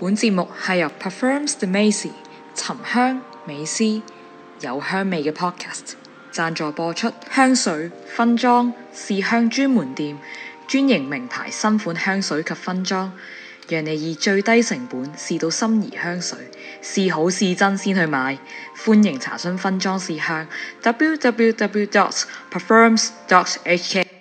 本節目係由 Perfumes De Macy 沉香美思有香味嘅 podcast 贊助播出。香水分裝試香專門店，專營名牌新款香水及分裝，讓你以最低成本試到心儀香水，試好試真先去買。歡迎查詢分裝試香 www.perfumes.hk。Www